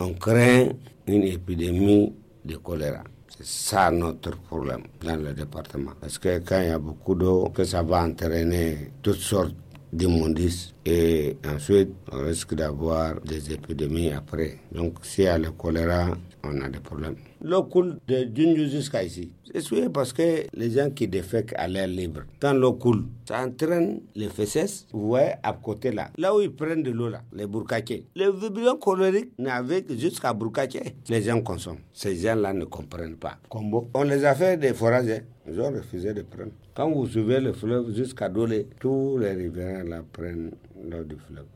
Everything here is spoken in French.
on craint une épidémie de choléra. C'est ça notre problème dans le département. Parce que quand il y a beaucoup d'eau, que ça va entraîner toutes sortes d'immondices et ensuite on risque d'avoir des épidémies après. Donc s'il y a le choléra, on a des problèmes. L'eau coule de Junju jusqu'à ici. C'est sûr parce que les gens qui défèquent à l'air libre, quand l'eau coule, ça entraîne les fesses, vous voyez, à côté là. Là où ils prennent de l'eau là, les bourcaquets. Les vibrions cholériques n'avaient jusqu'à bourcaquets. Les gens consomment. Ces gens-là ne comprennent pas. Combo. On les a fait des forages. Hein. Ils refusais de prendre. Quand vous suivez le fleuve jusqu'à Dolé, tous les riverains la prennent lors du fleuve.